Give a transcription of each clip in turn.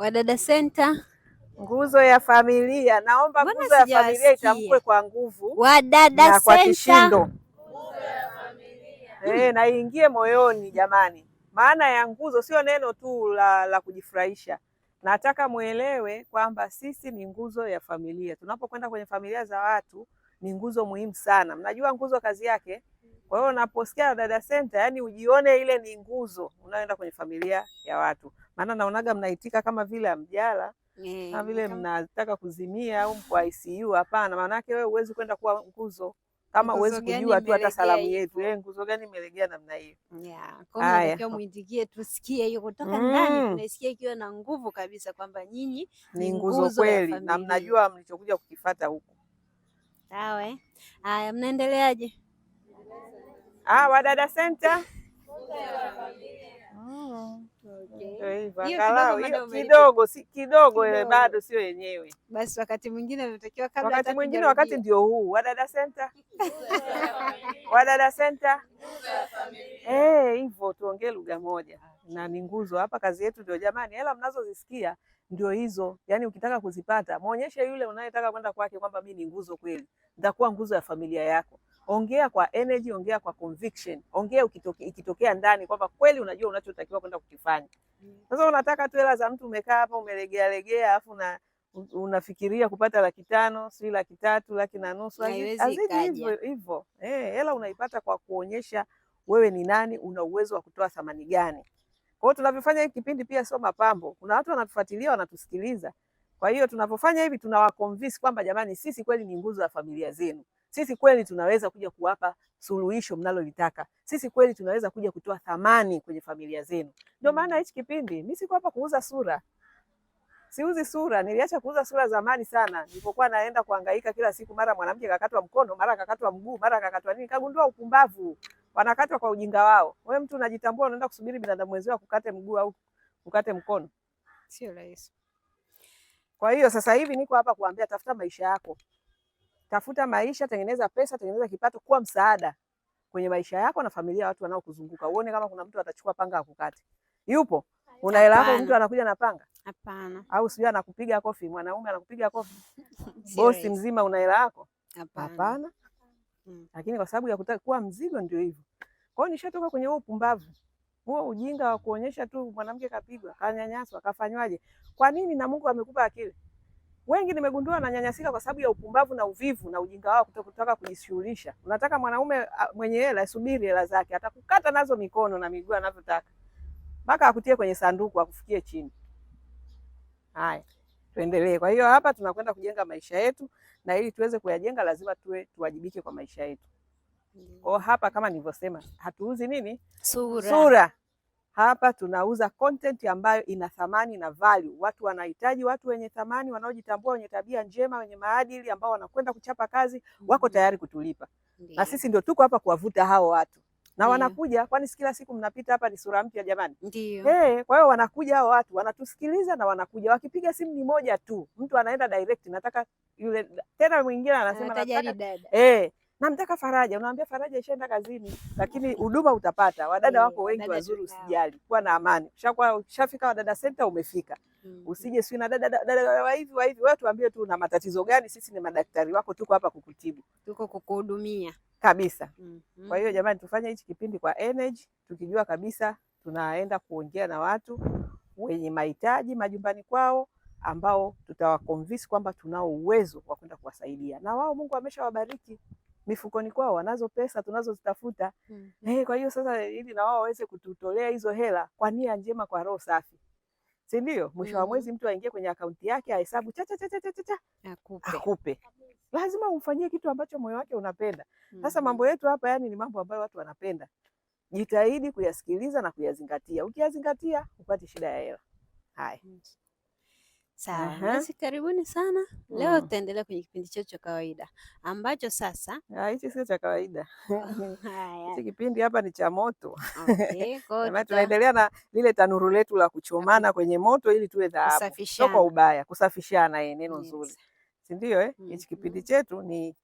Wadada Center, nguzo ya familia. Naomba nguzo ya familia itamkwe kwa nguvu, Wadada na kwa kishindo e, na iingie moyoni jamani. Maana ya nguzo sio neno tu la, la kujifurahisha. Nataka mwelewe kwamba sisi ni nguzo ya familia. Tunapokwenda kwenye familia za watu ni nguzo muhimu sana. Mnajua nguzo kazi yake kwa hiyo unaposikia Wadada Center, yani ujione ile ni nguzo unayoenda kwenye familia ya watu, maana naonaga mnaitika kama vile amjala mm, eh, kama vile mnataka kuzimia au mko ICU. Hapana, yake wewe huwezi kwenda kuwa nguzo kama uwezi kujua tu hata salamu yetu eh, nguzo gani imelegea namna hiyo. Yeah, kwa muitikie, tusikie hiyo kutoka mm. ndani, tunaisikia ikiwa na nguvu kabisa kwamba nyinyi ni nguzo kweli na mnajua mlichokuja kukifata huko. Sawa. Eh. Haya, mnaendeleaje? Ah, Wadada Center kidogo si eh, kidogo, bado sio yenyewe. Basi wakati mwingine unatakiwa kabla, wakati mwingine, wakati ndio huu Wadada Center, Wadada Center eh, hivyo, tuongee lugha moja na ni nguzo hapa. Kazi yetu ndio jamani, hela mnazozisikia ndio hizo. Yani ukitaka kuzipata, mwonyeshe yule unayetaka kwenda kwake kwamba mimi ni nguzo kweli, nitakuwa nguzo ya familia yako. Ongea kwa energy, ongea kwa conviction, ongea ukitoke, ikitokea ndani kwamba kweli unajua unachotakiwa kwenda kukifanya. Sasa unataka tu hela za mtu, umekaa hapa umelegea legea, alafu na unafikiria kupata laki tano si laki tatu laki na nusu, azidi hivyo hivyo. Eh, hela unaipata kwa kuonyesha wewe ni nani, una uwezo wa kutoa thamani gani. Kwa hiyo tunavyofanya hiki kipindi pia sio mapambo. Kuna watu wanatufuatilia, wanatusikiliza. Kwa hiyo tunapofanya hivi tunawaconvince kwamba jamani, sisi kweli ni nguzo ya familia zenu. Sisi kweli tunaweza kuja kuwapa suluhisho mnalolitaka. Sisi kweli tunaweza kuja kutoa thamani kwenye familia zenu. Ndio maana mm. hichi kipindi mimi siko hapa kuuza sura. Siuzi sura, niliacha kuuza sura zamani sana. Nilipokuwa naenda kuhangaika kila siku, mara mwanamke kakatwa mkono, mara kakatwa mguu, mara kakatwa nini, kagundua upumbavu. Wanakatwa kwa ujinga wao. Wewe mtu unajitambua, unaenda kusubiri binadamu wenzao kukate mguu au kukate mkono. Sio rahisi. Kwa hiyo sasa hivi niko hapa kuambia, tafuta maisha yako tafuta maisha, tengeneza pesa, tengeneza kipato, kuwa msaada kwenye maisha yako na familia, watu wanaokuzunguka. Uone kama kuna mtu atachukua panga akukate. Yupo? Una hela yako, mtu anakuja na panga? Hapana. Au sijui anakupiga kofi, mwanaume anakupiga kofi, bosi mzima, una hela yako? Hapana. Hmm. Lakini kwa sababu ya kutaka kuwa mzigo ndio hivyo. Kwa hiyo nishatoka kwenye huo upumbavu. Huo ujinga wa kuonyesha tu mwanamke kapigwa, kanyanyaswa, kafanywaje. Kwa nini na Mungu amekupa akili? wengi nimegundua wananyanyasika kwa sababu ya upumbavu na uvivu na ujinga wao kutotaka kujishughulisha. Unataka mwanaume mwenye hela, subiri hela zake, atakukata nazo mikono na miguu anavyotaka, mpaka akutie kwenye sanduku akufikie chini. Haya, tuendelee. Kwa hiyo hapa tunakwenda kujenga maisha yetu, na ili tuweze kuyajenga lazima tuwe tuwajibike kwa maisha yetu. Mm. Kwa hapa kama nilivyosema, hatuuzi nini sura, sura. Hapa tunauza content ambayo ina thamani na value. Watu wanahitaji watu wenye thamani, wanaojitambua, wenye tabia njema, wenye maadili, ambao wanakwenda kuchapa kazi, wako mhm. tayari kutulipa. Ndiyo. Na sisi ndio tuko hapa kuwavuta hao watu na Wanakuja kwani kila siku mnapita hapa, ni sura mpya jamani. Ndio. Hey, kwa hiyo wanakuja hao watu wanatusikiliza na wanakuja, wakipiga simu ni moja tu, mtu anaenda direct, nataka yule. Tena mwingine anasema nataka hey, namtaka faraja, unamwambia faraja ishaenda kazini, lakini huduma utapata. Wadada eh, wako wengi wazuri, usijali, kuwa na amani. Ushakuwa ushafika Wadada senta, umefika. Mm. Usije si na dada dada wa hivi wa hivi, wewe tuambie tu una matatizo gani, sisi ni madaktari wako, tuko hapa kukutibu, tuko kukuhudumia kabisa. mm -hmm. Kwa hiyo jamani, tufanye hichi kipindi kwa energy, tukijua kabisa tunaenda kuongea na watu wenye mahitaji majumbani kwao ambao tutawakonvinsi kwamba tunao uwezo wa kwenda kuwasaidia, na wao Mungu ameshawabariki mifukoni kwao wanazo pesa tunazozitafuta. mm -hmm. kwa hiyo sasa ili na wao waweze kututolea hizo hela kwa nia njema, kwa roho safi, si ndio? Mwisho wa mm -hmm. mwezi mtu aingie kwenye akaunti yake ahesabu cha cha cha cha cha cha akupe, akupe. Lazima umfanyie kitu ambacho moyo wake unapenda. Mm, sasa mm -hmm. mambo yetu hapa yani ni mambo ambayo watu wanapenda, jitahidi kuyasikiliza na kuyazingatia. Ukiyazingatia upati shida ya hela. Haya. mm -hmm. Sawa, basi karibuni sana leo. Mm, tutaendelea kwenye kipindi chetu cha kawaida ambacho sasa hichi sio cha kawaida hichi kipindi hapa ni cha moto. Okay, tunaendelea na lile tanuru letu la kuchomana kwenye moto ili tuwe dhahabu, sio kwa ubaya, kusafishana. Yeye neno nzuri, si ndio? Eh, hichi kipindi mm-hmm. chetu ni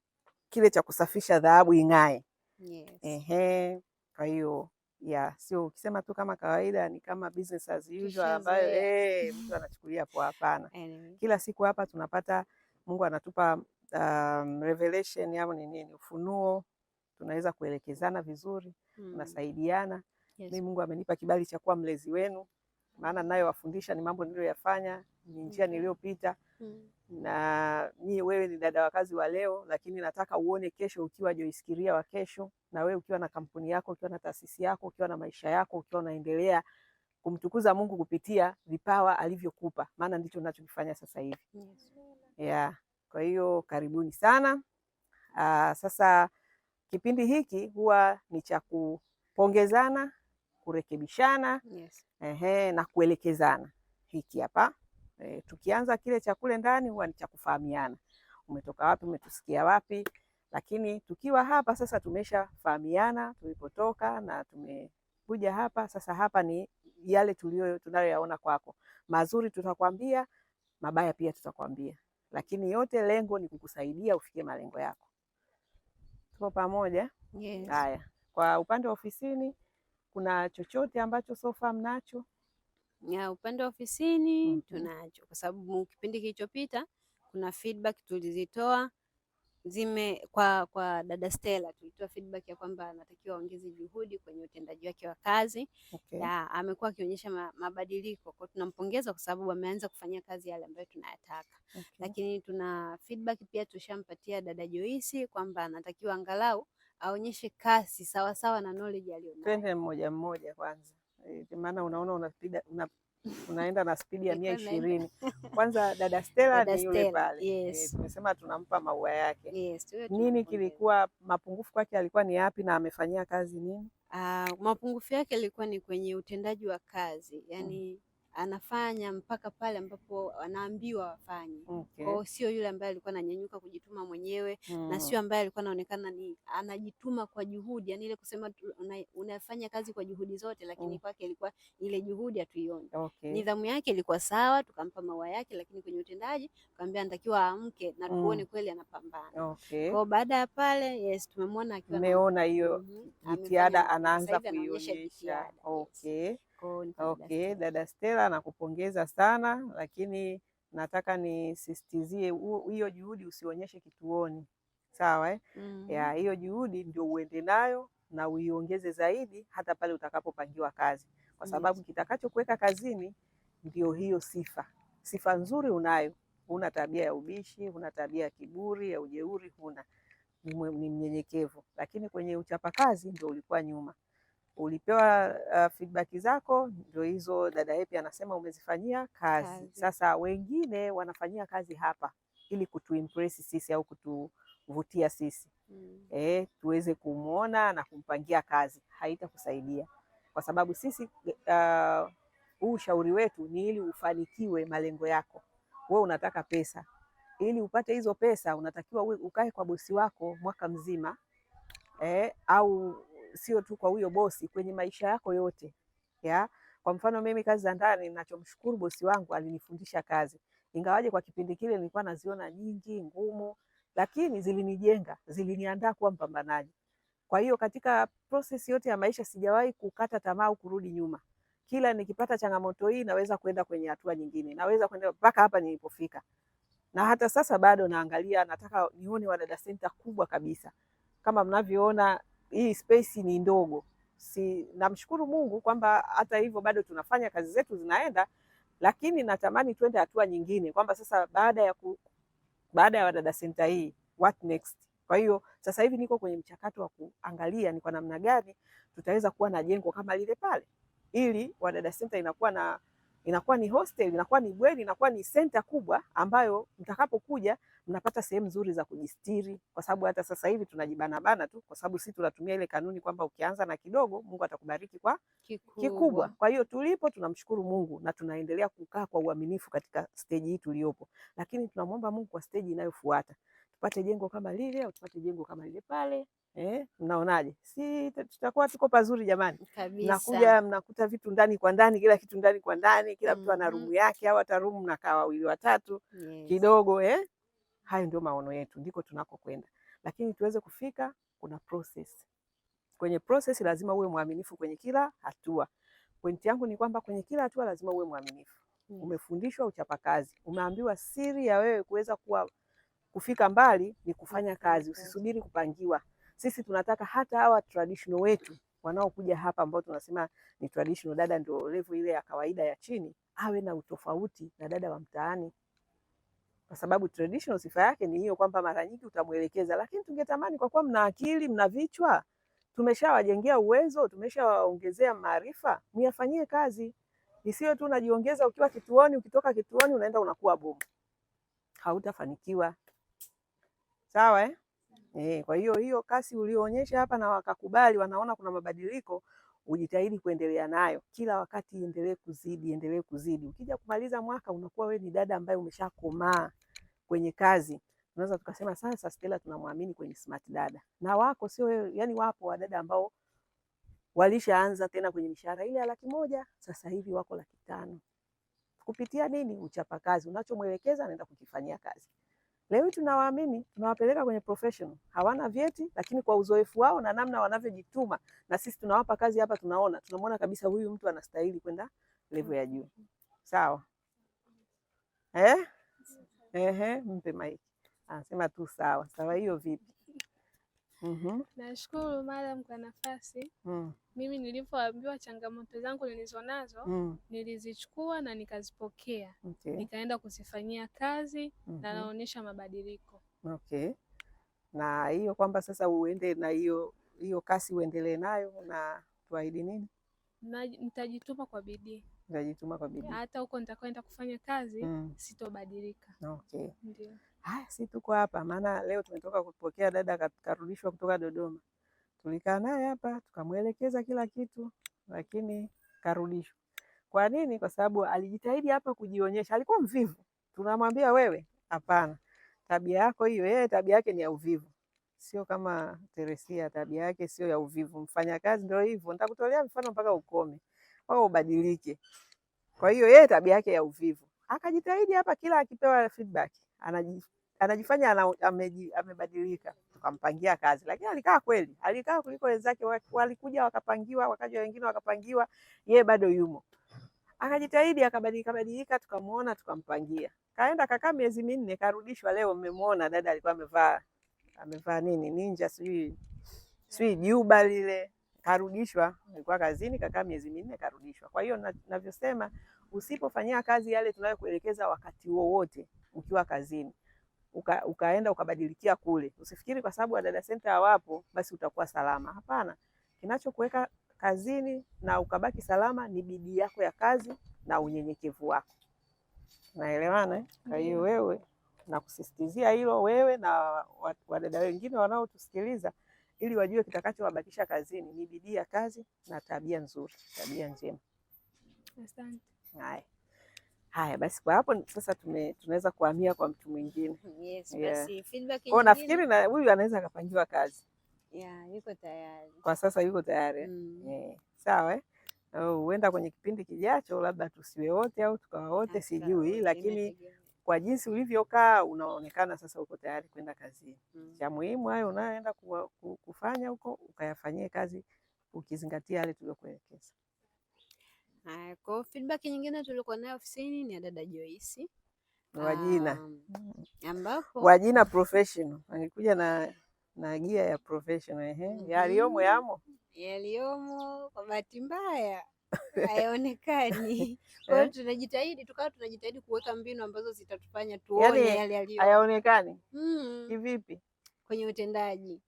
kile cha kusafisha dhahabu ing'ae. Yes. Ehe, kwa hiyo ya sio ukisema tu kama kawaida, ni kama business as usual ambayo eh mtu ana mahubiri hapo, hapana. Kila siku hapa tunapata, Mungu anatupa um, revelation au ni nini, ufunuo, tunaweza kuelekezana vizuri, hmm. tunasaidiana. Yes. Mimi Mungu amenipa kibali cha kuwa mlezi wenu, maana ninayowafundisha ni mambo niliyoyafanya, ni njia hmm. niliyopita hmm. na mi wewe ni dada wa kazi wa leo, lakini nataka uone kesho ukiwa joisikiria wa kesho, na wewe ukiwa na kampuni yako, ukiwa na taasisi yako, ukiwa na maisha yako, ukiwa unaendelea kumtukuza Mungu kupitia vipawa alivyokupa, maana ndicho nachokifanya sasa hivi Yeah. Kwa hiyo karibuni sana. Aa, ah, sasa kipindi hiki huwa ni cha kupongezana, kurekebishana yes. Ehe, na kuelekezana. Hiki hapa e, tukianza kile cha kule ndani huwa ni cha kufahamiana, umetoka wapi, umetusikia wapi, lakini tukiwa hapa sasa tumeshafahamiana tulipotoka na tumekuja hapa sasa. Hapa ni yale tulio tunayoyaona kwako. Mazuri tutakwambia, mabaya pia tutakwambia, lakini yote lengo ni kukusaidia ufikie malengo yako. Tuko pamoja? Yes. Haya, kwa upande wa ofisini kuna chochote ambacho sofa mnacho? Ya, upande wa ofisini mm -hmm. Tunacho kwa sababu kipindi kilichopita kuna feedback tulizitoa zime kwa, kwa dada Stella tulitoa feedback ya kwamba anatakiwa aongeze juhudi kwenye utendaji wake wa kazi okay. Na amekuwa akionyesha mabadiliko kwa, tunampongeza kwa sababu ameanza kufanyia kazi yale ambayo tunayataka okay. Lakini tuna feedback pia tushampatia dada Joyce kwamba anatakiwa angalau aonyeshe kasi sawasawa na knowledge aliyonayo. Twende mmoja mmoja kwanza, eh, maana unaona unapiga una unaenda na spidi ya mia ishirini. Kwanza dada Stella ni yule pale, eh, yes. E, tumesema tunampa maua yake yes. Nini kilikuwa mapungufu kwake, alikuwa ni yapi na amefanyia kazi nini? Uh, mapungufu yake ilikuwa ni kwenye utendaji wa kazi yani, mm anafanya mpaka pale ambapo anaambiwa wafanye. Okay. Kwao sio yule ambaye alikuwa ananyanyuka kujituma mwenyewe mm. na hmm. sio ambaye alikuwa anaonekana ni anajituma kwa juhudi, yani ile kusema una, unafanya kazi kwa juhudi zote, lakini mm. kwake ilikuwa ile juhudi hatuioni. Okay. Nidhamu yake ilikuwa sawa, tukampa maua yake, lakini kwenye utendaji tukamwambia anatakiwa aamke na hmm. tuone mm. kweli anapambana. Okay. Kwao baada ya pale, yes, tumemwona akiwa ameona hiyo mhm. jitihada anaanza kuionyesha. Okay. Yes. Nicole. Okay, dada Stella nakupongeza sana, lakini nataka nisisitizie hiyo juhudi usionyeshe kituoni, sawa eh? mm -hmm. hiyo juhudi ndio uende nayo na uiongeze zaidi hata pale utakapopangiwa kazi, kwa mm-hmm. sababu kitakachokuweka kazini ndio hiyo sifa. Sifa nzuri unayo, huna tabia ya ubishi, huna tabia ya kiburi, ya ujeuri huna, ni mnyenyekevu, lakini kwenye uchapakazi ndio ulikuwa nyuma ulipewa uh, feedback zako ndio hizo, dada Hepi anasema umezifanyia kazi. Kazi sasa wengine wanafanyia kazi hapa ili kutuimpress sisi au kutuvutia sisi mm. E, tuweze kumwona na kumpangia kazi. Haitakusaidia kwa sababu sisi ah, huu uh, ushauri wetu ni ili ufanikiwe malengo yako. Wewe unataka pesa, ili upate hizo pesa unatakiwa ukae kwa bosi wako mwaka mzima e, au sio tu kwa huyo bosi, kwenye maisha yako yote ya? Kwa mfano mimi kazi za ndani, ninachomshukuru bosi wangu alinifundisha kazi, ingawaje kwa kipindi kile nilikuwa naziona nyingi ngumu, lakini zilinijenga, ziliniandaa kuwa mpambanaji. Kwa hiyo katika prosesi yote ya maisha sijawahi kukata tamaa au kurudi nyuma. Kila nikipata changamoto hii naweza kwenda kwenye hatua nyingine, naweza kwenda mpaka hapa nilipofika. Na hata sasa bado naangalia, nataka nione Wadada Center kubwa kabisa kama mnavyoona hii space ni ndogo. Si namshukuru Mungu kwamba hata hivyo bado tunafanya kazi zetu zinaenda, lakini natamani twende hatua nyingine kwamba sasa baada ya ku, baada ya Wadada Center hii what next? Kwa hiyo sasa hivi niko kwenye mchakato wa kuangalia ni kwa namna gani tutaweza kuwa na jengo kama lile pale, ili Wadada Center inakuwa na inakuwa ni hostel, inakuwa ni bweni, inakuwa ni senta kubwa ambayo mtakapokuja mnapata sehemu nzuri za kujistiri, kwa sababu hata sasa hivi tunajibanabana tu, kwa sababu sisi tunatumia ile kanuni kwamba ukianza na kidogo Mungu atakubariki kwa kikubwa, kikubwa. Kwa hiyo tulipo tunamshukuru Mungu na tunaendelea kukaa kwa uaminifu katika steji hii tuliyopo, lakini tunamwomba Mungu kwa steji inayofuata tupate jengo kama lile au tupate jengo kama lile pale Eh, mnaonaje? Si tutakuwa tuko pazuri jamani. Kabisa. Nakuja mnakuta vitu ndani kwa ndani, kila kitu ndani kwa ndani, kila mtu mm -hmm. ana mm-hmm. rumu yake au hata rumu mnakaa wawili watatu yes. kidogo eh? Hayo ndio maono yetu, ndiko tunakokwenda, lakini tuweze kufika, kuna process. Kwenye process lazima uwe mwaminifu kwenye kila hatua. Pointi yangu ni kwamba kwenye kila hatua lazima uwe mwaminifu mm -hmm. Umefundishwa uchapakazi, umeambiwa siri ya wewe kuweza kuwa kufika mbali ni kufanya kazi, usisubiri kupangiwa sisi tunataka hata hawa traditional wetu wanaokuja hapa ambao tunasema ni traditional, dada ndio level ile ya kawaida ya chini, awe na utofauti na dada wa mtaani, kwa sababu traditional sifa yake ni hiyo kwamba mara nyingi utamwelekeza. Lakini tungetamani kwa kuwa mna akili, mna vichwa, tumeshawajengea uwezo, tumeshawaongezea maarifa, myafanyie kazi, isiyo tu unajiongeza ukiwa kituoni, ukitoka kituoni unaenda unakuwa bomu, hautafanikiwa. Sawa eh? Eh, kwa hiyo hiyo kasi ulioonyesha hapa na wakakubali, wanaona kuna mabadiliko, ujitahidi kuendelea nayo kila wakati, endelee kuzidi, endelee kuzidi. Ukija kumaliza mwaka unakuwa wewe ni dada ambaye umeshakomaa kwenye kazi. Tunaweza tukasema sasa Stella tunamwamini kwenye smart dada, na wako sio wewe, yani wapo wadada ambao walishaanza tena kwenye mishahara ile ya laki moja sasa hivi wako laki tano. Kupitia nini? uchapa kazi unachomwelekeza anaenda kukifanyia kazi. Leo tunawaamini, tunawapeleka kwenye professional. Hawana vyeti lakini kwa uzoefu wao na namna wanavyojituma, na sisi tunawapa kazi hapa, tunaona tunamwona kabisa huyu mtu anastahili kwenda level ya juu. Sawa eh? Ehe, mpe maiki anasema tu sawa sawa, hiyo vipi? mm Nashukuru madam kwa nafasi mm. Mimi nilipoambiwa changamoto zangu nilizo mm. nilizichukua na nikazipokea okay. Nikaenda kuzifanyia kazi mm -hmm. na mm-hmm. naonyesha mabadiliko okay. Na hiyo kwamba sasa uende na hiyo hiyo kasi uendelee nayo na tuahidi nini? Nitajituma kwa bidii nitajituma kwa bidii hata huko nitakwenda kufanya kazi mm. sitobadilika. Okay. Ndio haya, ah, si tuko hapa, maana leo tumetoka kupokea dada karudishwa kutoka Dodoma. Tulikaa naye hapa tukamwelekeza kila kitu, lakini karudishwa. Kwa nini? Kwa sababu alijitahidi hapa kujionyesha, alikuwa mvivu. Tunamwambia wewe, hapana, tabia yako hiyo. Yeye tabia yake ni ya uvivu, sio kama Teresia, tabia yake sio ya uvivu. Mfanyakazi ndio hivyo, nitakutolea mfano mpaka ukome Wao ubadilike. Kwa hiyo yeye tabia yake ya uvivu, akajitahidi hapa, kila akipewa feedback anaji anajifanya amebadilika, tukampangia kazi, lakini alikaa kweli, alikaa kuliko wenzake. Walikuja wakapangiwa, wakaja wengine wakapangiwa, yeye bado yumo. Akajitahidi akabadilika badilika, tukamuona tukampangia. Kaenda kakaa miezi minne, karudishwa. Leo mmemwona dada, alikuwa amevaa amevaa nini ninja, sijui sijui juba lile karudishwa alikuwa kazini, kakaa miezi minne karudishwa. Kwa hiyo navyosema, usipofanyia kazi yale tunayokuelekeza wakati wowote ukiwa kazini uka, ukaenda ukabadilikia kule. Usifikiri kwa sababu Wadada Center hawapo basi utakuwa salama. Hapana, kinachokuweka kazini na ukabaki salama ni bidii yako ya kazi na unyenyekevu wako. Naelewana eh? Kwa hiyo wewe kusisitizia hilo wewe na wadada wengine wanaotusikiliza ili wajue kitakachowabakisha kazini ni bidii ya kazi na tabia nzuri, tabia njema. Asante. Haya. Haya basi, kwa hapo sasa tume, tunaweza kuhamia kwa mtu mwingine yes, yeah. Kwa nafikiri na huyu anaweza akapangiwa kazi yeah, yuko tayari. Kwa sasa yuko tayari mm. yeah. Sawa eh? Huenda kwenye kipindi kijacho labda tusiwe wote au tukawa wote, ah, sijui, lakini kwa jinsi ulivyokaa unaonekana sasa uko tayari kwenda kazini mm. Cha muhimu hayo unayoenda kufanya huko ukayafanyie kazi ukizingatia yale tuliokuelekeza. Kwa feedback nyingine tulikuwa nayo ofisini ni ya dada Joyce Wajina, um, ambapo Wajina professional angekuja na na gia ya professional ehe, mm -hmm. Yaliyomo yamo yaliyomo, kwa bahati mbaya hayaonekani. Kwa hiyo eh? tunajitahidi, tukawa tunajitahidi kuweka mbinu ambazo zitatufanya tuone yaani, yale yaliyo hayaonekani. mm Kivipi? Kwenye utendaji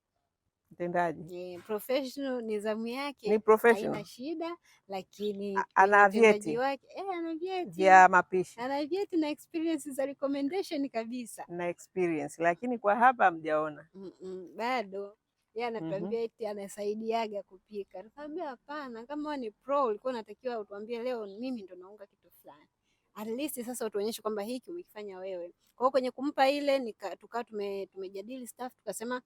mtendaji yeah, professional. Ni zamu yake ni professional, haina shida, lakini ana vyeti wake eh, ana vyeti ya mapishi, ana vyeti na experience za recommendation kabisa, na experience, lakini kwa hapa mjaona mm -mm, bado yeye mm-hmm. anatuambia eti anasaidiaga kupika. Nikamwambia hapana, kama ni pro ulikuwa unatakiwa utuambie leo mimi ndo naunga kitu fulani. At least sasa utuonyeshe kwamba hiki umekifanya wewe. Kwa hiyo kwenye kumpa ile tumejadili tume, tumejadili staff tukasema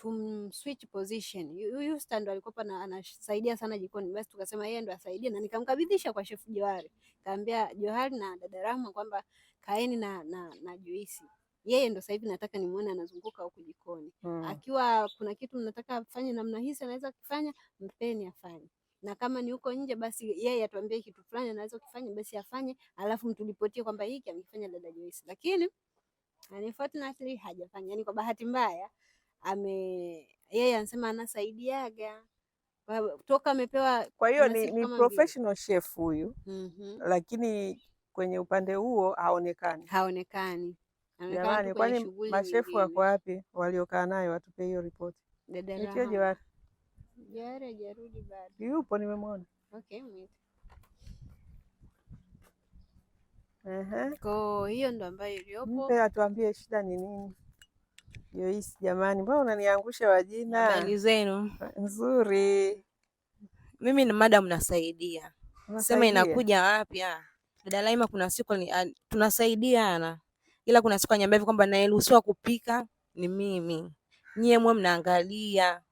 tumswitch position. Huyu stand alikuwa na anasaidia sana jikoni, basi tukasema yeye ndo asaidie, na nikamkabidhisha kwa Chef Johari, kaambia Johari na dada Rahma kwamba kaeni na, na, na juisi yeye ndo sasa hivi nataka nimuone anazunguka huku jikoni hmm. Akiwa kuna kitu mnataka afanye namna hii anaweza kufanya, mpeni afanye, na kama ni huko nje, basi yeye atuambie kitu fulani anaweza kufanya, basi afanye, alafu mtulipotie kwamba hiki amefanya dada Joyce, lakini unfortunately hajafanya, yani kwa bahati mbaya ame yeye anasema anasaidiaga toka amepewa. Kwa hiyo ni, ni professional chef huyu mm -hmm. Lakini kwenye upande huo haonekani, haonekani. Jamani, kwani mashefu wako wapi waliokaa naye watupe hiyo ripoti? Itioje wapi? Yupo, nimemwona. Okay, hiyo ndo ambayo iliyopo. Mpe atuambie shida ni nini? Joyce, jamani, mbona unaniangusha wajina? Habari zenu? Nzuri. Mimi ni madam nasaidia. Sema inakuja wapi? Ah, dada Laima, kuna siku ah, tunasaidiana, ila kuna siku anyambia kwamba nayeruhusiwa kupika ni mimi, nyie mwe mnaangalia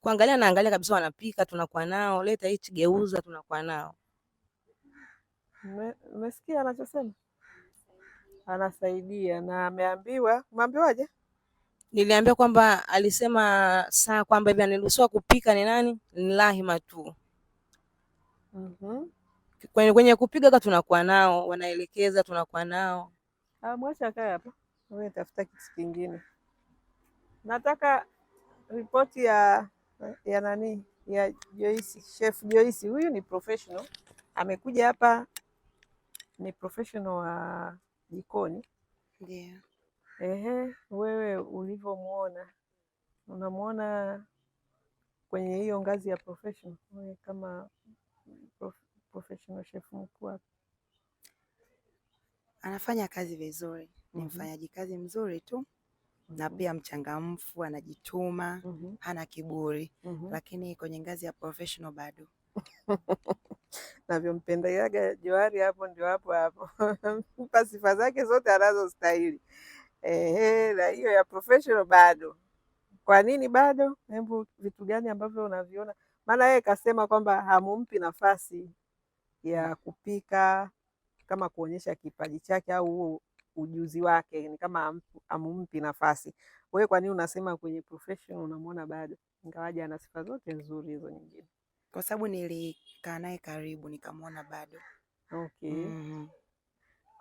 kuangalia, naangalia kabisa, wanapika tunakuwa nao, leta hichi, geuza, tunakuwa nao. Umesikia anachosema? anasaidia na ameambiwa, umeambiwaje? Niliambiwa kwamba alisema saa kwamba hivi aniruhusiwa kupika ni nani, ni Rahima tu. mm-hmm. Kwenye, kwenye kupiga ka tunakuwa nao wanaelekeza, tunakuwa nao ah, mwacha kaa hapa, wewe tafuta kitu kingine. Nataka ripoti ya ya nani ya Joyce, Chef Joyce. Huyu ni professional, amekuja hapa ni professional wa jikoni. Ndiyo. Ehe, wewe ulivyomuona, unamuona kwenye hiyo ngazi ya professional, wewe kama prof, professional chef mkuu? Anafanya kazi vizuri, ni mhm. mfanyaji kazi mzuri tu na mhm. pia mchangamfu, anajituma mhm. hana kiburi lakini kwenye ngazi ya professional bado navyompendeaga Johari hapo ndio hapo hapo mpa sifa zake zote anazostahili. Ehe, na hiyo ya professional bado. Kwa nini bado? Hebu vitu gani ambavyo unaviona? Maana yeye kasema kwamba hamumpi nafasi ya kupika kama kuonyesha kipaji chake au ujuzi wake, ni kama hamumpi nafasi. Wewe kwa nini unasema kwenye professional unamwona bado, ingawaje ana sifa zote nzuri hizo nyingine? kwa sababu nilikaa naye karibu nikamwona bado. Okay. Mm -hmm.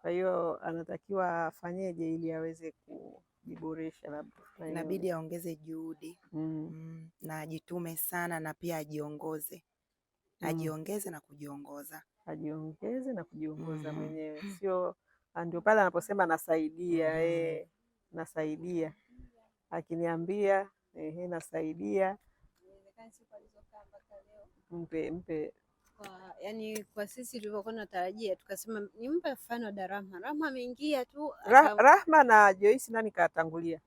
Kwa hiyo anatakiwa afanyeje ili aweze kujiboresha? Inabidi aongeze juhudi mm. Mm. na ajitume sana na pia ajiongoze mm. ajiongeze na kujiongoza, ajiongeze na kujiongoza mm. mwenyewe, sio ah, ndio pale anaposema nasaidia mm. eh, nasaidia akiniambia eh, nasaidia mpe mpe kwa, yani kwa sisi tulivyokuwa tunatarajia tukasema nimpe mfano Darahma. Rahma ameingia tu Rah, Rahma na Joyce nani katangulia?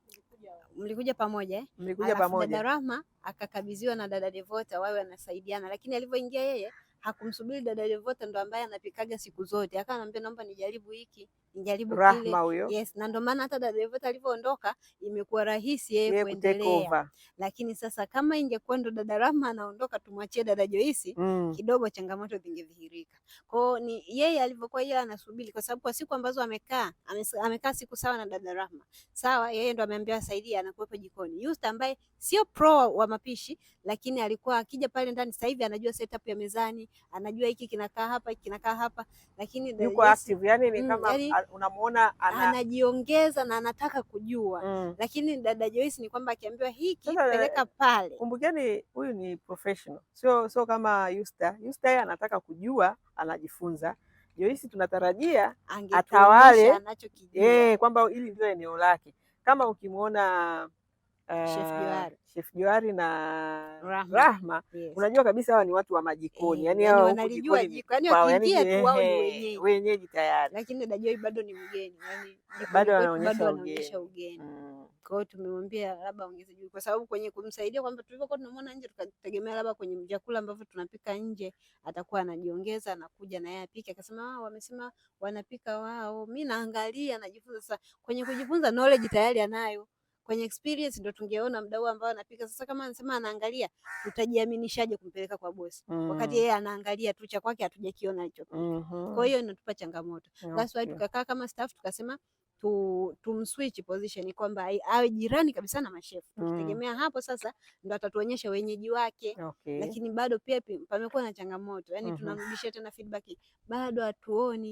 Mlikuja pamoja eh? Mlikuja pamoja. Dada Rahma akakabidhiwa na dada Devota wawe wanasaidiana, lakini alivyoingia yeye hakumsubiri dada Devota, ndo ambaye anapikaga siku zote, akawa anambia naomba nijaribu hiki jaribu Rahma huyo. Yes, na ndio maana hata dada alivyoondoka imekuwa rahisi yeye kuendelea. Lakini sasa kama ingekuwa ndo dada Rahma anaondoka tumwachie dada Joyce mm. kidogo changamoto zingedhihirika. Kwa hiyo ni yeye alivyokuwa yeye anasubiri kwa sababu kwa siku ambazo amekaa amekaa siku sawa na dada Rahma. Sawa, yeye ndo ameambiwa saidia anakuwepo jikoni. Yusta ambaye sio pro wa mapishi lakini alikuwa akija pale ndani sasa hivi anajua setup ya mezani, anajua hiki kinakaa hapa, hiki kinakaa hapa. Lakini yuko active yani ni mm, kama yaani unamuona ana... anajiongeza na anataka kujua mm. Lakini dada Joyce ni kwamba akiambiwa hiki peleka pale. Kumbukeni huyu ni professional, sio sio kama Yusta. Yusta yeye anataka kujua, anajifunza. Joyce tunatarajia atawale anachokijua, eh, kwamba hili ndio eneo lake. Kama ukimwona Eh, Chef Johari na Rahma, Rahma. Yes. Unajua kabisa hawa ni watu wa majikoni, eh, yani yaani hao wanalijua jiko, yani yaani wakiingia tu wao ni wenyeji tayari, lakini dada bado ni mgeni, yani bado anaonyesha ugeni. Mm. Kwa hiyo tumemwambia labda ongeze juu, kwa sababu kwenye kumsaidia kwamba tulivyokuwa tunamwona nje, tukategemea labda kwenye vyakula ambavyo tunapika nje atakuwa anajiongeza, anakuja na yeye apike. Akasema wao ah, wamesema wanapika wao, mimi naangalia, najifunza. Sasa kwenye kujifunza knowledge tayari anayo kwenye experience ndo tungeona mdau ambao anapika. Sasa kama anasema anaangalia, tutajiaminishaje kumpeleka kwa bosi mm. wakati yeye anaangalia tu cha kwake, hatujakiona hicho mm -hmm. Kwa hiyo inatupa changamoto okay. That's why tukakaa kama staff tukasema tu tumswitch position kwamba awe jirani kabisa na mashefu mm. tukitegemea mm. hapo sasa ndo atatuonyesha wenyeji wake okay. Lakini bado pia pamekuwa na changamoto yani, mm -hmm. tunamrudishia tena feedback, bado hatuoni